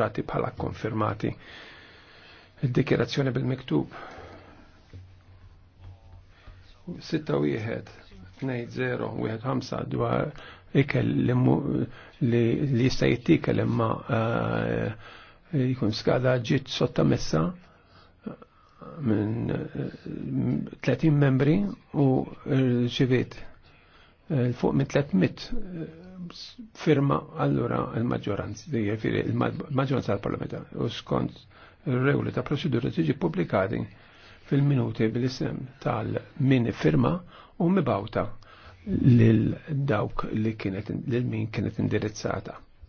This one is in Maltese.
rati bħala konfermati. Il-dikjerazzjoni bil-miktub. 6-1-2-0-1-5 dwar ikel li li jista' jittikel imma eh, jkun skada ġiet sottomessa eh, minn 30 eh, membri u rċivit fuq minn 300 firma allura il-maġġoranza, jiġifieri, il-maġġoranza tal-parlamenta u skont regoli ta' procedura tiġi pubblikati fil-minuti bil-isem tal-min firma u mibawta lil dawk li kienet lil min kienet indirizzata.